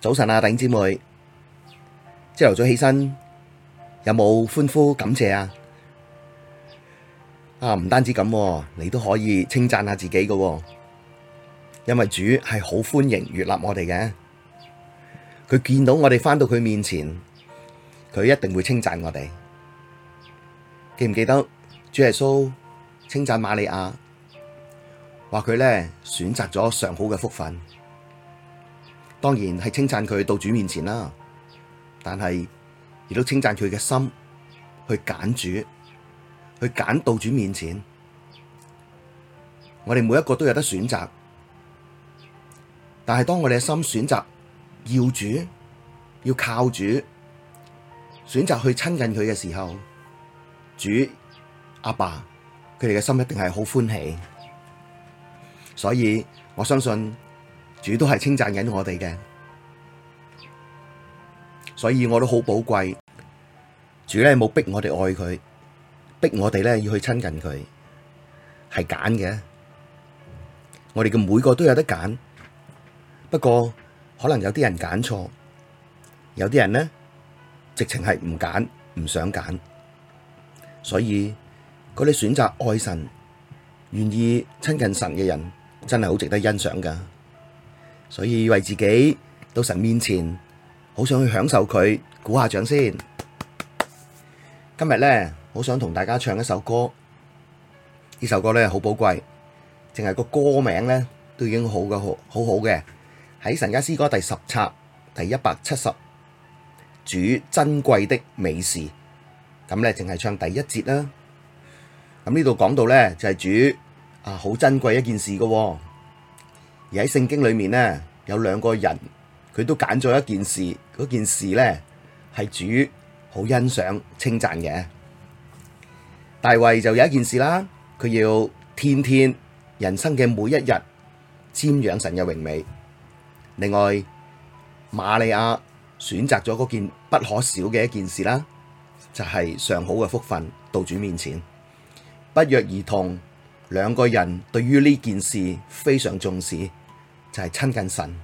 早晨啊，弟兄姊妹，朝頭早起身，有冇歡呼感謝啊？啊，唔單止咁、啊，你都可以稱讚下自己嘅、啊，因為主係好歡迎接納我哋嘅，佢見到我哋返到佢面前，佢一定會稱讚我哋。記唔記得主耶穌稱讚瑪利亞，話佢咧選擇咗上好嘅福分。當然係稱讚佢到主面前啦，但係亦都稱讚佢嘅心去揀主，去揀到主面前。我哋每一個都有得選擇，但係當我哋嘅心選擇要主，要靠主，選擇去親近佢嘅時候，主阿爸佢哋嘅心一定係好歡喜，所以我相信。主都係稱讚緊我哋嘅，所以我都好寶貴。主咧冇逼我哋愛佢，逼我哋咧要去親近佢，係揀嘅。我哋嘅每個都有得揀，不過可能有啲人揀錯，有啲人咧直情係唔揀，唔想揀。所以嗰啲選擇愛神、願意親近神嘅人，真係好值得欣賞噶。所以為自己到神面前，好想去享受佢鼓下掌先。今日咧，好想同大家唱一首歌，呢首歌咧好寶貴，淨係個歌名咧都已經好嘅，好好嘅。喺神家詩歌第十冊第一百七十，主珍貴的美事。咁咧，淨係唱第一節啦。咁呢度講到咧就係、是、主啊，好珍貴一件事嘅、啊。而喺聖經裏面呢，有兩個人佢都揀咗一件事，嗰件事呢，係主好欣賞稱讚嘅。大衛就有一件事啦，佢要天天人生嘅每一日瞻仰神嘅榮美。另外，瑪利亞選擇咗嗰件不可少嘅一件事啦，就係上好嘅福分到主面前。不約而同，兩個人對於呢件事非常重視。就係親近神，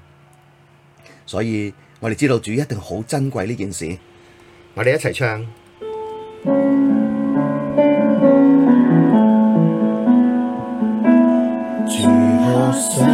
所以我哋知道主一定好珍貴呢件事，我哋一齊唱。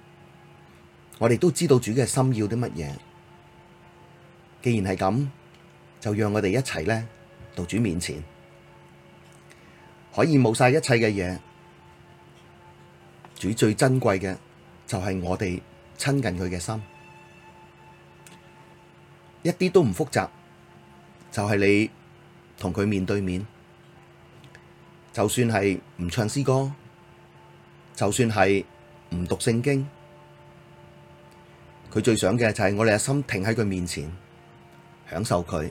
我哋都知道主嘅心要啲乜嘢，既然係咁，就讓我哋一齊嚟到主面前，可以冇晒一切嘅嘢。主最珍貴嘅就係我哋親近佢嘅心，一啲都唔複雜，就係、是、你同佢面對面，就算係唔唱詩歌，就算係唔讀聖經。佢最想嘅就係我哋嘅心停喺佢面前，享受佢。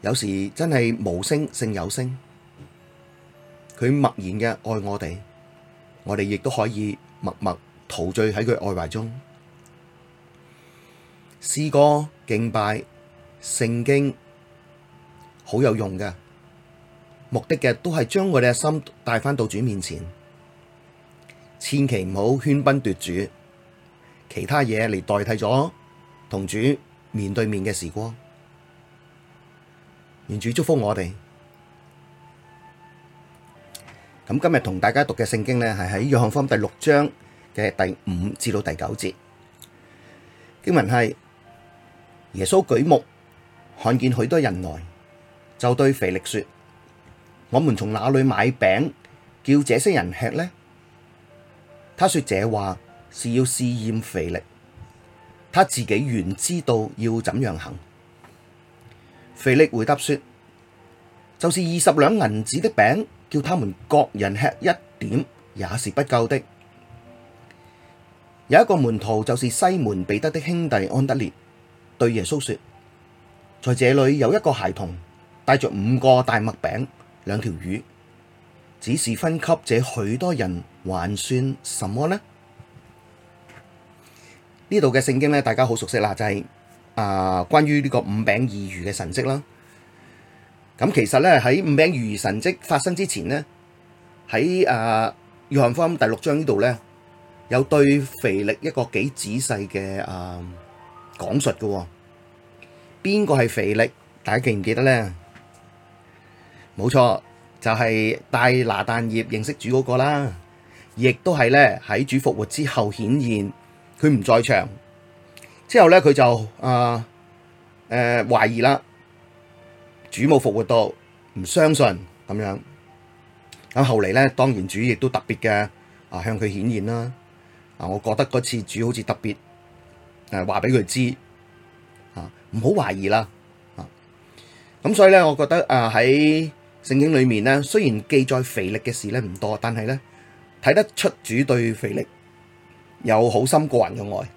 有時真係無聲勝有聲，佢默然嘅愛我哋，我哋亦都可以默默陶醉喺佢愛懷中。詩歌敬拜聖經好有用嘅，目的嘅都係將我哋嘅心帶返到主面前，千祈唔好喧賓奪主。其他嘢嚟代替咗同主面對面嘅時光，願主祝福我哋。咁今日同大家讀嘅聖經咧，係喺約翰福音第六章嘅第五至到第九節。經文係耶穌舉目看見許多人來，就對腓力說：我們從哪裡買餅叫這些人吃呢？他說這話。是要試驗腓力，他自己原知道要怎樣行。腓力回答說：就是二十兩銀子的餅，叫他們各人吃一點，也是不夠的。有一個門徒就是西門彼得的兄弟安得烈，對耶穌說：在這裡有一個孩童，帶着五個大麥餅、兩條魚，只是分給這許多人，還算什麼呢？呢度嘅聖經咧，大家好熟悉啦，就係、是呃、啊，關於呢個五餅二魚嘅神跡啦。咁其實咧，喺五餅二魚神跡發生之前咧，喺啊約翰福音第六章呢度咧，有對腓力一個幾仔細嘅啊講述嘅、啊。邊個係腓力？大家記唔記得咧？冇錯，就係、是、帶拿但業認識主嗰個啦，亦都係咧喺主復活之後顯現。佢唔在場，之後咧佢就啊誒懷疑啦，主冇復活到，唔相信咁樣。咁後嚟咧，當然主亦都特別嘅啊、呃、向佢顯現啦。啊，我覺得嗰次主好似特別誒話俾佢知啊，唔好懷疑啦啊。咁所以咧，我覺得啊喺、呃、聖經裏面咧，雖然記載腓力嘅事咧唔多，但係咧睇得出主對腓力有好心過人嘅愛，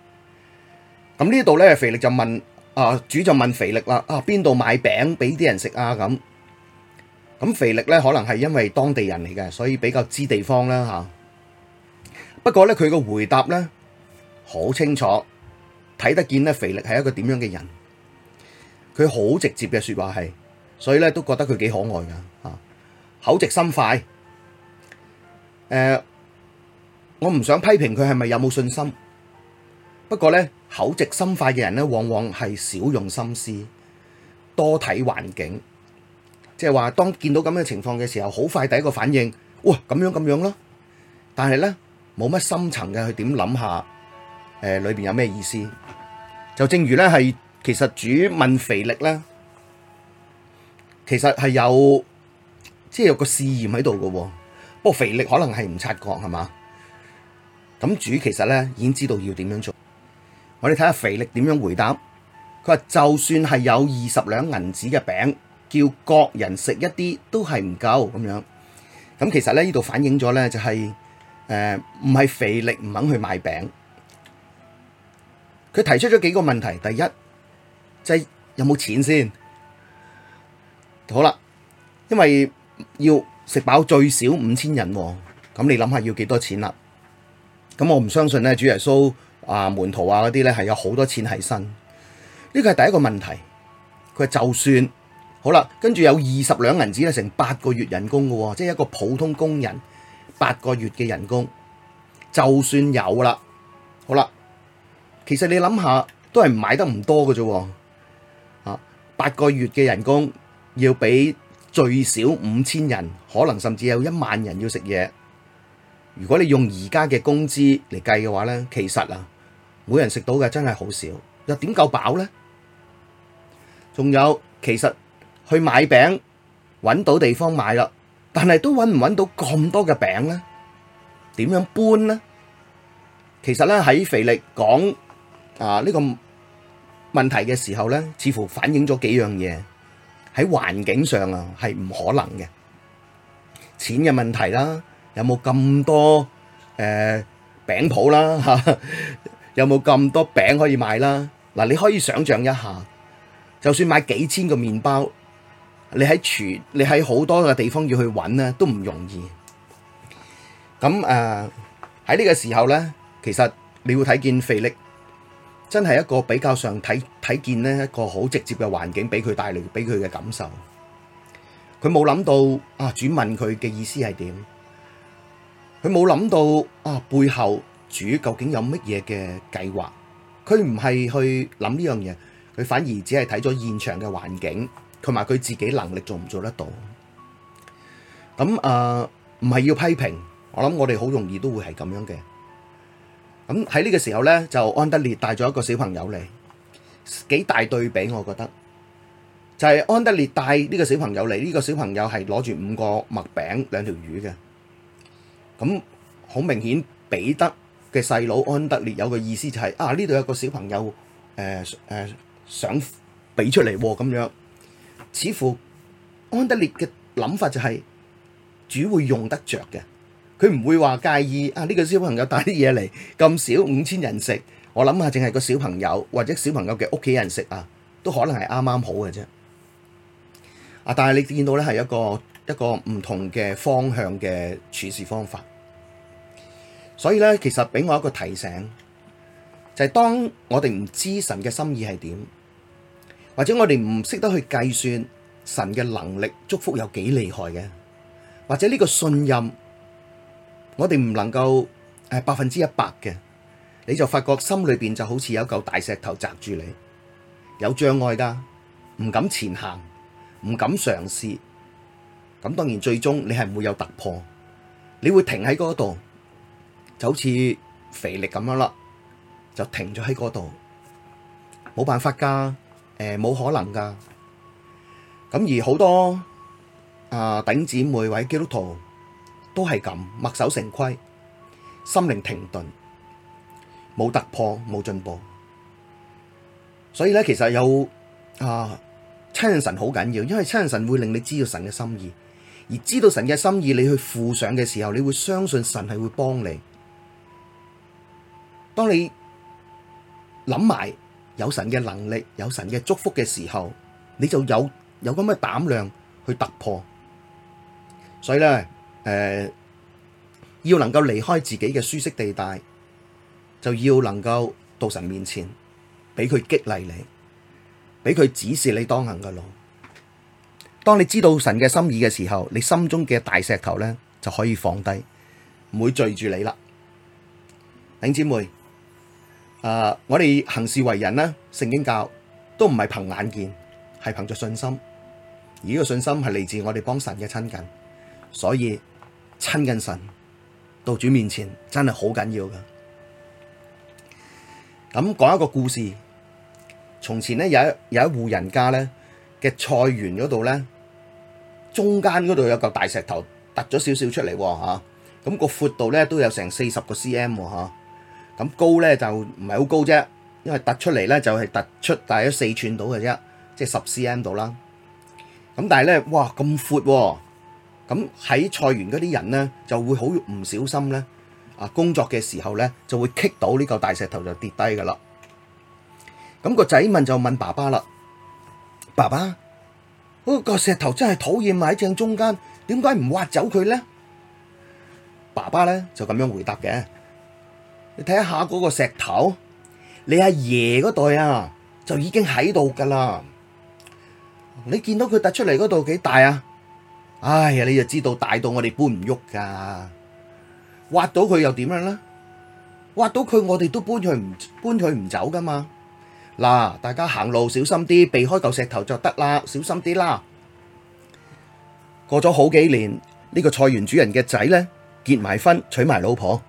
咁呢度咧，腓力就問，啊，主就問腓力啦，啊邊度買餅俾啲人食啊咁，咁腓力咧可能係因為當地人嚟嘅，所以比較知地方啦吓。不過咧，佢個回答咧好清楚，睇得見咧，腓力係一個點樣嘅人，佢好直接嘅說話係，所以咧都覺得佢幾可愛噶吓，口直心快，誒。我唔想批評佢係咪有冇信心，不過呢，口直心快嘅人呢，往往係少用心思，多睇環境。即係話，當見到咁嘅情況嘅時候，好快第一個反應，哇咁樣咁樣咯。但係呢，冇乜深層嘅去點諗下，誒、呃、裏邊有咩意思？就正如呢，係，其實主問肥力呢，其實係有即係、就是、個試驗喺度㗎，不過肥力可能係唔察覺係嘛。咁主其實咧已經知道要點樣做，我哋睇下腓力點樣回答。佢話，就算係有二十兩銀子嘅餅，叫各人食一啲都係唔夠咁樣。咁其實咧呢度反映咗咧就係誒唔係腓力唔肯去買餅，佢提出咗幾個問題。第一即係、就是、有冇錢先？好啦，因為要食飽最少五千人，哦，咁你諗下要幾多錢啦？咁、嗯、我唔相信咧，主耶穌啊門徒啊嗰啲咧係有好多錢喺身，呢個係第一個問題。佢就算好啦，跟住有二十兩銀子咧，成八個月人工噶，即係一個普通工人八個月嘅人工，就算有啦，好啦，其實你諗下都係買得唔多嘅啫，啊，八個月嘅人工要俾最少五千人，可能甚至有一萬人要食嘢。如果你用而家嘅工資嚟計嘅話咧，其實啊，每人食到嘅真係好少，又點夠飽呢？仲有，其實去買餅揾到地方買啦，但係都揾唔揾到咁多嘅餅咧？點樣搬呢？其實咧喺腓力講啊呢個問題嘅時候咧，似乎反映咗幾樣嘢喺環境上啊係唔可能嘅，錢嘅問題啦。有冇咁多誒餅鋪啦？嚇，有冇咁多餅可以買啦？嗱，你可以想象一下，就算買幾千個麵包，你喺廚，你喺好多嘅地方要去揾咧，都唔容易。咁啊，喺呢個時候咧，其實你會睇見腓力真係一個比較上睇睇見咧一個好直接嘅環境，俾佢帶嚟，俾佢嘅感受。佢冇諗到啊！轉問佢嘅意思係點？佢冇諗到啊，背後主究竟有乜嘢嘅計劃？佢唔係去諗呢樣嘢，佢反而只係睇咗現場嘅環境，同埋佢自己能力做唔做得到。咁誒，唔係要批評，我諗我哋好容易都會係咁樣嘅。咁喺呢個時候呢，就安德烈帶咗一個小朋友嚟，幾大對比我覺得，就係安德烈帶呢個小朋友嚟，呢個小朋友係攞住五個麥餅、兩條魚嘅。咁好明顯，彼得嘅細佬安德烈有個意思就係啊，呢度有個小朋友誒誒想俾出嚟喎，咁樣似乎安德烈嘅諗法就係主會用得着嘅，佢唔會話介意啊，呢個小朋友帶啲嘢嚟，咁少五千人食，我諗下淨係個小朋友或者小朋友嘅屋企人食啊，都可能係啱啱好嘅啫。啊，但係你見到咧係一個。一個唔同嘅方向嘅處事方法，所以咧，其實俾我一個提醒，就係當我哋唔知神嘅心意係點，或者我哋唔識得去計算神嘅能力，祝福有幾厲害嘅，或者呢個信任我，我哋唔能夠誒百分之一百嘅，你就發覺心裏邊就好似有嚿大石頭砸住你，有障礙噶，唔敢前行，唔敢嘗試。咁當然最終你係唔會有突破，你會停喺嗰度，就好似腓力咁樣啦，就停咗喺嗰度，冇辦法㗎，誒、呃、冇可能㗎。咁而好多啊弟兄姊妹，每位基督徒都係咁墨守成規，心靈停頓，冇突破，冇進步。所以咧，其實有啊親近神好緊要，因為親近神會令你知道神嘅心意。而知道神嘅心意，你去付上嘅時候，你會相信神係會幫你。當你諗埋有神嘅能力、有神嘅祝福嘅時候，你就有有咁嘅膽量去突破。所以咧，誒、呃，要能夠離開自己嘅舒適地帶，就要能夠到神面前，俾佢激勵你，俾佢指示你當行嘅路。當你知道神嘅心意嘅時候，你心中嘅大石頭咧就可以放低，唔會聚住你啦。弟兄姊妹，啊，我哋行事為人呢，聖經教都唔係憑眼見，係憑着信心。而呢個信心係嚟自我哋幫神嘅親近，所以親近神，到主面前真係好緊要噶。咁講一個故事，從前呢，有一有一戶人家呢。嘅菜園嗰度咧，中間嗰度有嚿大石頭突咗少少出嚟喎嚇，咁個闊度咧都有成四十個 cm 喎嚇，咁高咧就唔係好高啫，因為突出嚟咧就係突出大咗四寸到嘅啫，即係十 cm 度啦。咁但係咧，哇咁闊喎，咁喺菜園嗰啲人咧就會好唔小心咧，啊工作嘅時候咧就會棘到呢嚿大石頭就跌低㗎啦。咁個仔問就問爸爸啦。爸爸，嗰個石頭真係討厭，埋喺正中間，點解唔挖走佢咧？爸爸咧就咁樣回答嘅。你睇下嗰個石頭，你阿爺嗰代啊就已經喺度噶啦。你見到佢凸出嚟嗰度幾大啊？哎呀，你就知道大到我哋搬唔喐噶。挖到佢又點樣咧？挖到佢我哋都搬佢唔搬佢唔走噶嘛。嗱，大家行路小心啲，避開嚿石頭就得啦，小心啲啦。過咗好幾年，呢個菜園主人嘅仔咧結埋婚，娶埋老婆，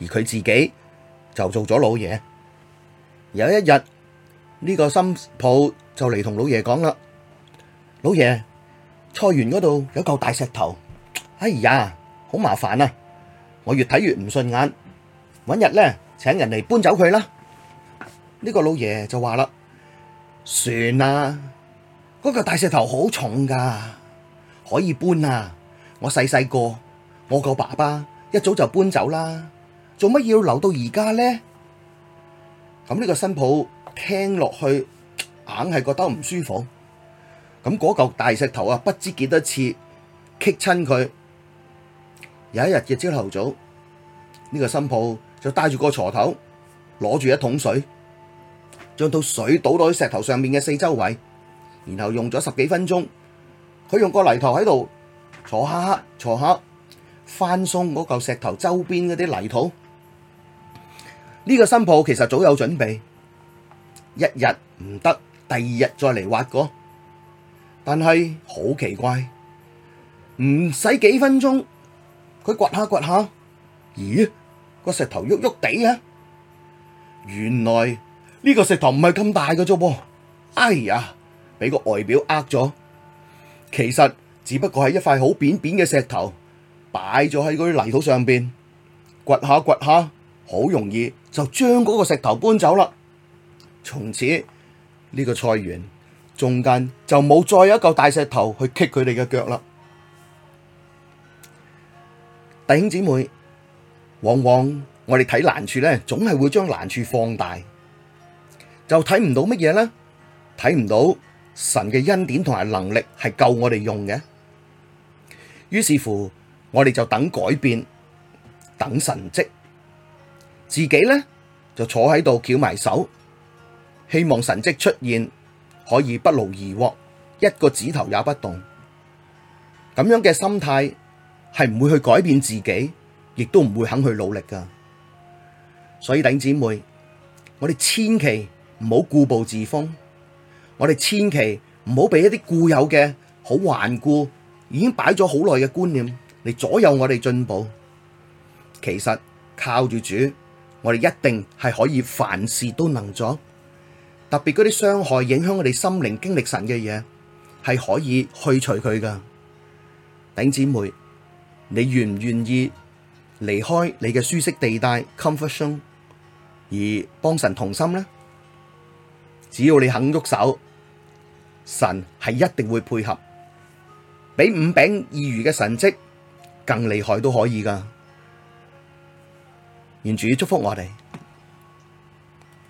而佢自己就做咗老爺。有一日，呢個心抱就嚟同老爺講啦：老爺，菜園嗰度有嚿大石頭，哎呀，好麻煩啊！我越睇越唔順眼，揾日咧請人嚟搬走佢啦。呢個老爺就話啦，算啦，嗰嚿大石頭好重噶，可以搬啊。我細細個，我個爸爸一早就搬走啦，做乜要留到而家咧？咁呢個新抱聽落去，硬係覺得唔舒服。咁嗰嚿大石頭啊，不知幾多次棘親佢。有一日嘅朝頭早，呢個新抱就帶住個鋤頭，攞住一桶水。將到水倒到去石頭上面嘅四周圍，然後用咗十幾分鐘，佢用個泥頭喺度坐下坐下，翻鬆嗰嚿石頭周邊嗰啲泥土。呢個新抱其實早有準備，一日唔得，第二日再嚟挖過。但係好奇怪，唔使幾分鐘，佢掘下掘下，咦，個石頭喐喐地啊！原來。呢個石頭唔係咁大嘅啫噃，哎呀，俾個外表呃咗，其實只不過係一塊好扁扁嘅石頭，擺咗喺嗰啲泥土上邊，掘下掘下，好容易就將嗰個石頭搬走啦。從此呢個菜園中間就冇再有一嚿大石頭去棘佢哋嘅腳啦。弟兄姊妹，往往我哋睇難處呢，總係會將難處放大。就睇唔到乜嘢啦，睇唔到神嘅恩典同埋能力係夠我哋用嘅。於是乎，我哋就等改變，等神蹟，自己咧就坐喺度翹埋手，希望神蹟出現，可以不勞而獲，一個指頭也不動。咁樣嘅心態係唔會去改變自己，亦都唔會肯去努力噶。所以弟兄姊妹，我哋千祈。唔好固步自封，我哋千祈唔好俾一啲固有嘅好頑固、已經擺咗好耐嘅觀念嚟左右我哋進步。其實靠住主，我哋一定係可以凡事都能做。特別嗰啲傷害影響我哋心靈、經歷神嘅嘢，係可以去除佢噶。頂姊妹，你願唔願意離開你嘅舒適地帶 comfort zone 而幫神同心呢？只要你肯喐手，神係一定會配合，比五餅二魚嘅神跡更厲害都可以噶。願主祝福我哋。